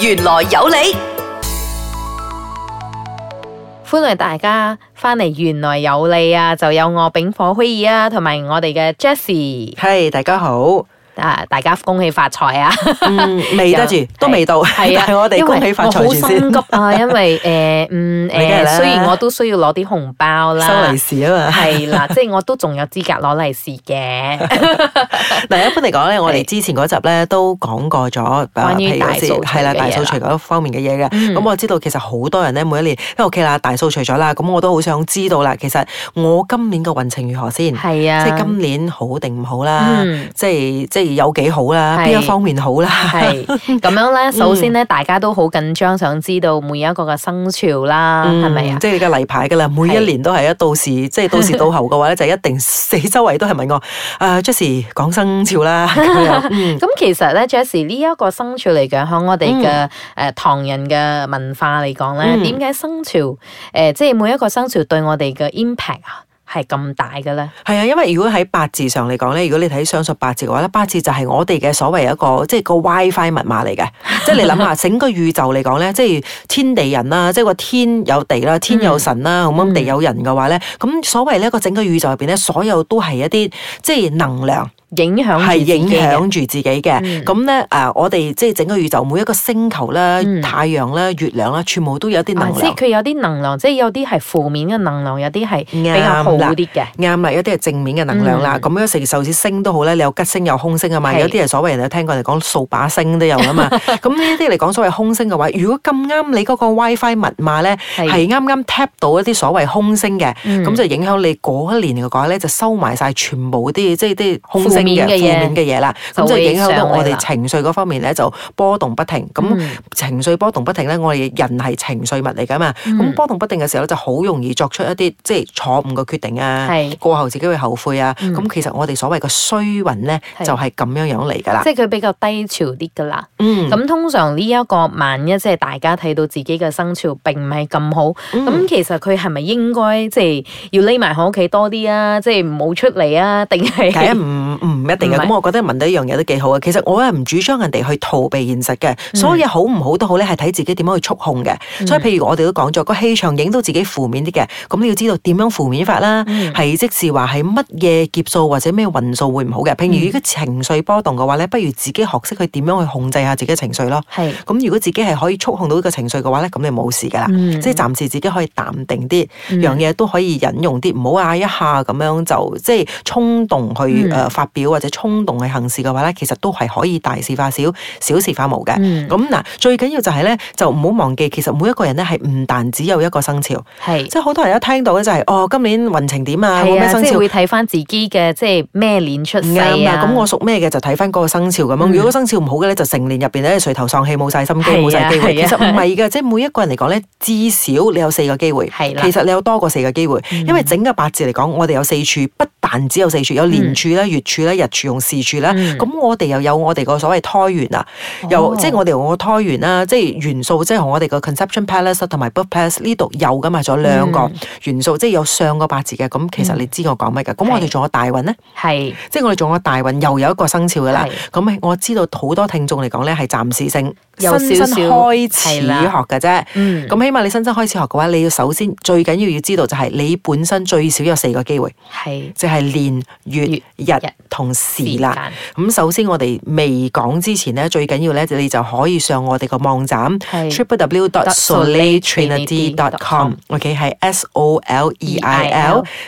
玄來有理，歡迎大家返嚟。玄來有理啊，就有我丙火虛意啊，同埋我哋嘅 Jessie。嗨，大家好。啊！大家恭喜發財啊！嗯，未得住，都未到。係啊，我哋恭喜發財先。我好心急啊，因為誒嗯誒，雖然我都需要攞啲紅包啦，收利是啊嘛。係啦，即係我都仲有資格攞利是嘅。嗱，一般嚟講咧，我哋之前嗰集咧都講過咗啊，譬如係啦，大掃除嗰方面嘅嘢嘅。咁我知道其實好多人咧，每一年都 OK 啦，大掃除咗啦。咁我都好想知道啦，其實我今年嘅運程如何先？係啊，即係今年好定唔好啦？即係即係。有幾好啦？邊一方面好啦？係咁樣咧，首先咧，大家都好緊張，想知道每一個嘅生肖啦，係咪啊？是吧即係你嘅例牌噶啦，每一年都係一到時，是即係到時到後嘅話咧，就是、一定四周圍都係問我啊、呃、Jessie 講生肖啦。嗯，咁 其實咧，Jessie 呢一個生肖嚟講，喺我哋嘅誒唐人嘅文化嚟講咧，點解生肖誒即係每一個生肖對我哋嘅 impact 啊？係咁大嘅咧？係啊，因為如果喺八字上嚟講咧，如果你睇相術八字嘅話咧，八字就係我哋嘅所謂一個即係個 WiFi 密碼嚟嘅，即係 你諗下整個宇宙嚟講咧，即係天地人啦，即係個天有地啦，天有神啦，咁樣、嗯、地有人嘅話咧，咁、嗯、所謂呢個整個宇宙入邊咧，所有都係一啲即係能量。影響係影響住自己嘅，咁咧誒，我哋即係整個宇宙每一個星球啦、太陽啦、月亮啦，全部都有啲能量。即係佢有啲能量，即係有啲係負面嘅能量，有啲係比較好啲嘅。啱啦，有啲係正面嘅能量啦。咁樣成，甚至星都好咧，你有吉星有空星啊嘛。有啲係所謂人哋聽過嚟講，掃把星都有啊嘛。咁呢啲嚟講所謂空星嘅話，如果咁啱你嗰個 WiFi 密碼咧係啱啱 tap 到一啲所謂空星嘅，咁就影響你嗰一年嘅話咧，就收埋晒全部啲即係啲空星。負面嘅嘢啦，咁就影響到我哋情緒嗰方面咧，就波動不停。咁情緒波動不停咧，我哋人係情緒物嚟噶嘛。咁波動不定嘅時候咧，就好容易作出一啲即係錯誤嘅決定啊。過後自己會後悔啊。咁其實我哋所謂嘅衰運咧，就係咁樣樣嚟噶啦。即係佢比較低潮啲噶啦。咁通常呢一個萬一，即係大家睇到自己嘅生肖並唔係咁好，咁其實佢係咪應該即係要匿埋喺屋企多啲啊？即係唔好出嚟啊？定係？唔。唔一定嘅，咁我覺得問到一樣嘢都幾好啊。其實我係唔主張人哋去逃避現實嘅，所以好唔好都好咧，係睇自己點樣去觸控嘅。所以譬如我哋都講咗個氣場影到自己負面啲嘅，咁你要知道點樣負面法啦，係即是話係乜嘢劫數或者咩運數會唔好嘅。譬如如果情緒波動嘅話咧，不如自己學識去點樣去控制下自己情緒咯。咁，如果自己係可以觸控到呢個情緒嘅話咧，咁你冇事噶啦。即係暫時自己可以淡定啲，樣嘢都可以引用啲，唔好啊一下咁樣，就即係衝動去誒發表。或者衝動嘅行事嘅話咧，其實都係可以大事化小，小事化無嘅。咁嗱，最緊要就係咧，就唔好忘記，其實每一個人咧係唔但只有一個生肖，係即係好多人一聽到咧就係哦，今年運程點啊？係啊，咩生肖，即係會睇翻自己嘅即係咩年出世啊。咁我屬咩嘅就睇翻嗰個生肖咁樣。如果生肖唔好嘅咧，就成年入邊咧垂頭喪氣，冇晒心機，冇晒機會。其實唔係嘅，即係每一個人嚟講咧，至少你有四個機會。其實你有多過四個機會，因為整個八字嚟講，我哋有四柱不。八字有四柱，有年柱、月柱、日柱用時柱咧。咁、mm. 我哋又有我哋個所謂胎元啊，又、oh. 即係我哋我個胎元啦，即係元素，即係我哋 Con 個 conception palace 同埋 birth palace 呢度有噶嘛？仲有兩個元素，mm. 即係有上個八字嘅。咁其實你知我講咩噶？咁、mm. 我哋仲有大運咧，係、mm. 即係我哋仲有大運，mm. 又有一個生肖噶啦。咁、mm. 我知道好多聽眾嚟講咧，係暫時性。有始學的少係啫，咁起碼你新生開始學嘅話，嗯、你要首先最緊要要知道就係你本身最少有四個機會，係即係年、月，月、日同時啦。咁間首先我哋未講之前咧，最緊要咧你就可以上我哋個網站 w w w s, 是 S, com, okay, s o l、e、i l t r i n i t y c o m o k 係 s o l e i l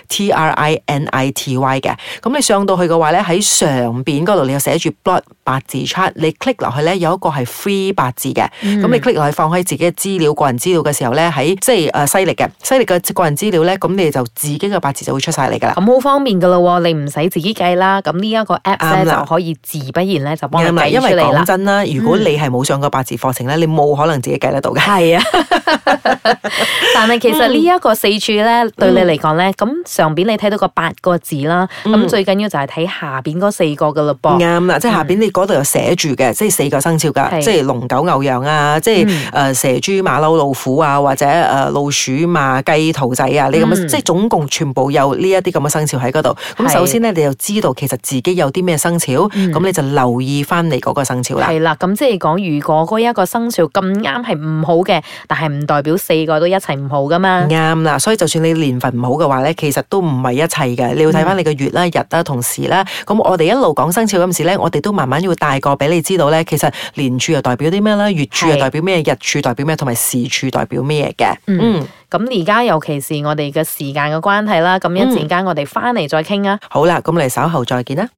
t r i n i t y 嘅。咁你上到去嘅話咧，喺上面嗰度你有寫住 blood 八字 chart，你 click 落去咧有一個係 free。八字嘅，咁、嗯、你 click 落去放開自己嘅資料、個人資料嘅時候咧，喺即係誒犀利嘅，犀利嘅個人資料咧，咁你就自己嘅八字就會出晒嚟噶啦，咁好方便噶咯，你唔使自己計啦，咁呢一個 app 咧了就可以自不然咧就幫你啦。啱啦，因為講真啦，如果你係冇上過八字課程咧，嗯、你冇可能自己計得到嘅。係啊， 但係其實呢一個四柱咧，對你嚟講咧，咁、嗯、上邊你睇到個八個字啦，咁、嗯、最緊要就係睇下邊嗰四個噶啦噃。啱啦了，嗯、即係下邊你嗰度有寫住嘅，即、就、係、是、四個生肖噶，即係龍。狗牛羊啊，即係蛇豬馬騮老虎啊，或者、呃、老鼠馬雞兔仔啊，你咁啊，嗯、即係總共全部有呢一啲咁嘅生肖喺嗰度。咁是首先咧，你就知道其實自己有啲咩生肖，咁、嗯、你就留意翻你嗰個生肖啦。係啦，咁即係講如果嗰一個生肖咁啱係唔好嘅，但係唔代表四個都一齊唔好噶嘛。啱啦，所以就算你年份唔好嘅話咧，其實都唔係一齊嘅。你要睇翻你嘅月啦、嗯、日啦、同時啦。咁我哋一路講生肖嗰陣時咧，我哋都慢慢要帶過俾你知道咧，其實年柱又代表啲。月柱代表咩？是日柱代表咩？同埋時柱代表咩嘅？嗯嗯、現咁而家尤其是我哋嘅時間嘅關係啦，咁一陣間、嗯、我哋返嚟再傾啊。好啦，咁我哋稍後再見啦。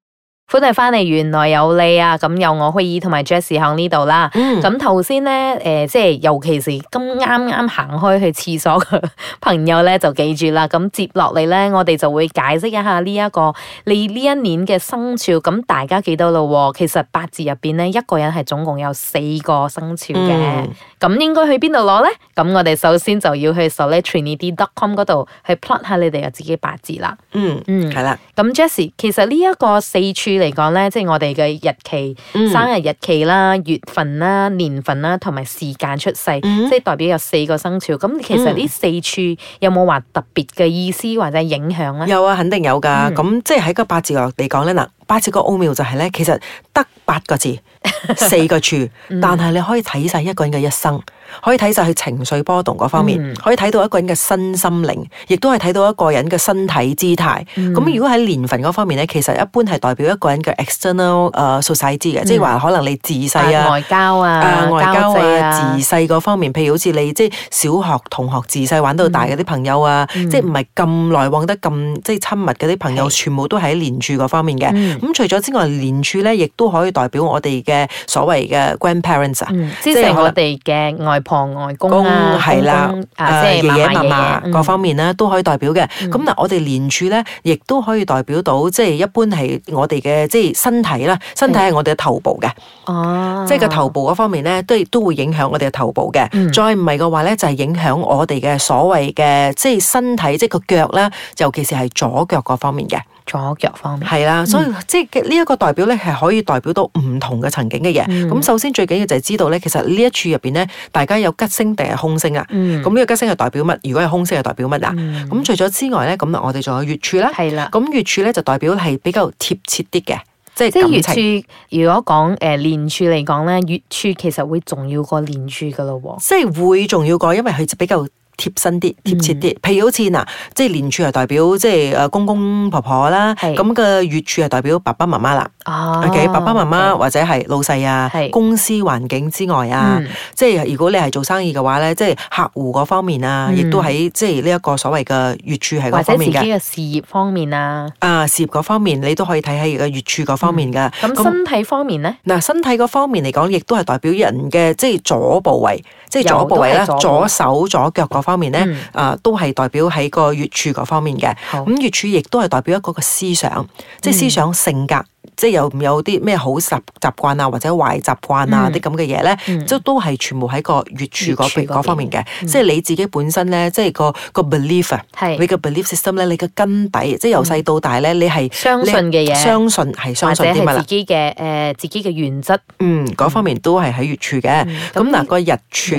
歡迎翻嚟，玄來有理啊！咁有我可以同埋 Jesse 喺呢度啦。咁頭先咧，即係尤其是咁啱啱行開去廁所嘅朋友咧，就記住啦。咁接落嚟咧，我哋就會解釋一下呢一個你呢一年嘅生肖。咁大家記得咯喎。其實八字入面咧，一個人係總共有四個生肖嘅。咁應該去邊度攞咧？咁我哋首先就要去 seltrinity.com 嗰度去 plot 下你哋嘅自己八字啦。嗯嗯，係啦。咁 Jesse，其實呢一個四處。嚟講咧，即係我哋嘅日期、嗯、生日日期啦、月份啦、年份啦，同埋時間出世，即係、嗯、代表有四個生肖。咁、嗯、其實呢四柱有冇話特別嘅意思或者影響咧？有啊，肯定有噶。咁、嗯、即係喺個八字學嚟講咧，嗱，八字個奧妙就係咧，其實得八個字， 四個柱，但係你可以睇晒一個人嘅一生。可以睇晒佢情緒波動嗰方面，可以睇到一個人嘅身心靈，亦都係睇到一個人嘅身體姿態。咁如果喺年份嗰方面咧，其實一般係代表一個人嘅 external 誒素質嘅，即係話可能你自細啊，外交啊，外交啊，自細嗰方面，譬如好似你即係小學同學自細玩到大嘅啲朋友啊，即係唔係咁來往得咁即係親密嘅啲朋友，全部都喺年柱嗰方面嘅。咁除咗之外，年柱咧亦都可以代表我哋嘅所謂嘅 grandparents 啊，即係我哋嘅外，破外公啦，係啦，即係爺爺嫲嫲媽爺各方面咧都可以代表嘅。咁嗱、嗯，我哋年柱咧亦都可以代表到，即、就、係、是、一般係我哋嘅即係身體啦，身體係我哋嘅頭部嘅。哦、嗯，啊、即係個頭部嗰方面咧，都都會影響我哋嘅頭部嘅。嗯、再唔係嘅話咧，就係、是、影響我哋嘅所謂嘅即係身體，即係個腳啦，尤其是係左腳嗰方面嘅。左腳方面係啦，對了嗯、所以即係呢一個代表咧，係可以代表到唔同嘅層境嘅嘢。咁、嗯、首先最緊要就係知道咧，其實呢一處入邊咧，大家有吉星定係空星啊。咁呢、嗯、個吉星係代表乜？如果係空星係代表乜啊？咁、嗯、除咗之外咧，咁我哋仲有月柱啦。係啦的，咁月柱咧就代表係比較貼切啲嘅，就是、即係即係月柱，如果講誒年柱嚟講咧，月柱其實會重要過年柱噶咯喎。即係會重要過，因為佢就比較。貼身啲、貼切啲，譬、嗯、如好似嗱，即係年柱係代表即係誒公公婆婆啦，咁嘅是月柱係代表爸爸媽媽啦。哦、啊，okay? 爸爸媽媽或者係老細啊，是公司環境之外啊，嗯、即係如果你係做生意嘅話咧，即係客戶嗰方面啊，亦、嗯、都喺即係呢一個所謂嘅月柱係嗰方面嘅。或者自己的事業方面啊，啊事業嗰方面你都可以睇喺個月柱嗰方面嘅。咁、嗯、身體方面咧，嗱身體嗰方面嚟講，亦都係代表人嘅即係左部位。即係左部位啦，左手左腳嗰方面咧，啊、嗯，都係代表喺個月柱嗰方面嘅。咁月好柱亦都係代表一個個思想，嗯、即係思想性格。即係有唔有啲咩好習習慣啊，或者壞習慣啊啲咁嘅嘢咧？即都係全部喺個月柱嗰邊嗰方面嘅。即係你自己本身咧，即係個個 belief 啊，你個 belief system 咧，你個根底，即係由細到大咧，你係相信嘅嘢，相信係相信啲乜啦？自己嘅誒自己嘅原則嗯，嗰方面都係喺月柱嘅。咁嗱，個日柱，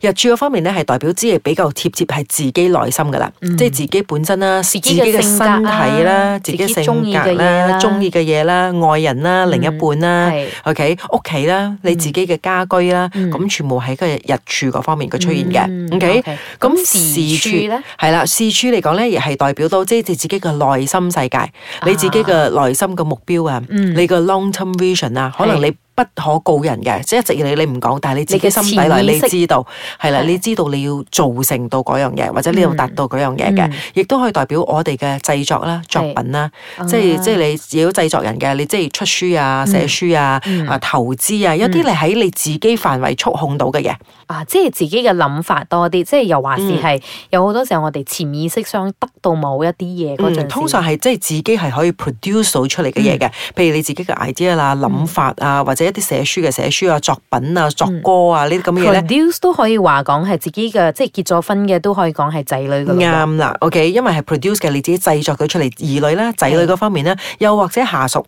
日柱嗰方面咧係，代表只係比較貼切，係自己內心噶啦，即係自己本身啦，自己嘅身體啦，自己性格啦，中意嘅嘢啦。愛人啦，另一半啦、嗯、，OK，屋企啦，你自己嘅家居啦，咁、嗯、全部喺佢日柱嗰方面嘅出現嘅、嗯、，OK，咁時柱咧係啦，時柱嚟講咧，亦係代表到即係你自己嘅內心世界，啊、你自己嘅內心嘅目標啊，嗯、你個 long-term vision 啊是，可能你。不可告人嘅，即係一直你你唔講，但係你自己心底裡你知道，係啦，你知道你要做成到嗰樣嘢，或者你要達到嗰樣嘢嘅，亦都、嗯、可以代表我哋嘅製作啦、的作品啦，嗯啊、即係即係你自己製作人嘅，你即係出書啊、寫、嗯、書啊、啊投資啊，一啲、啊、你喺你自己範圍觸控到嘅嘢，啊，即係自己嘅諗法多啲，即係又話是係有好多時候我哋潛意識想得到某一啲嘢、嗯、通常係即係自己係可以 produce 到出嚟嘅嘢嘅，譬、嗯、如你自己嘅 idea 啦、嗯、諗法啊，或者。一啲寫書嘅，寫書啊、作品啊、作歌啊，呢啲咁嘢咧 produce 都可以話講係自己嘅，即係結咗婚嘅都可以講係仔女。啱啦，OK，因為係 produce 嘅，你自己製作咗出嚟，兒女啦、仔女嗰方面啦，的又或者下屬。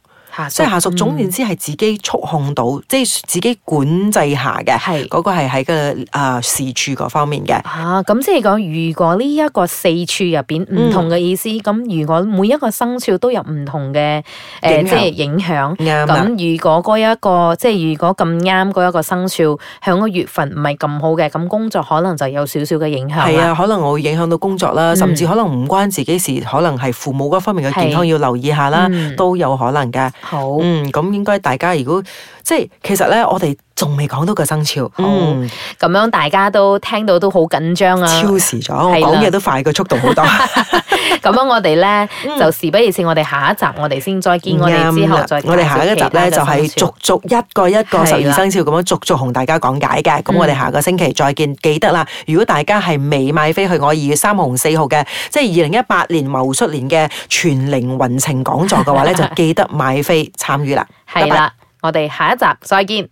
即係下屬，總言之係自己操控到，即係自己管制下嘅，係嗰個係喺個啊時柱嗰方面嘅。啊，咁即係講，如果呢一個四柱入邊唔同嘅意思，咁如果每一個生肖都有唔同嘅誒，即係影響。啱。咁如果嗰一個，即係如果咁啱嗰一個生肖響個月份唔係咁好嘅，咁工作可能就有少少嘅影響。係啊，可能我會影響到工作啦，甚至可能唔關自己事，可能係父母嗰方面嘅健康要留意下啦，都有可能㗎。好，嗯，咁應該大家如果即係其實咧，我哋。仲未講到個生肖，嗯，咁樣大家都聽到都好緊張啊！超時咗，講嘢都快個速度好多。咁樣我哋咧就事不宜遲，我哋下一集我哋先再見，我哋之後再我哋下一集咧就係逐逐一個一個十二生肖咁樣逐逐同大家講解嘅。咁我哋下個星期再見，記得啦。如果大家係未買飛去我二月三號同四號嘅，即係二零一八年戊戌年嘅全靈運程講座嘅話咧，就記得買飛參與啦。係啦，我哋下一集再見。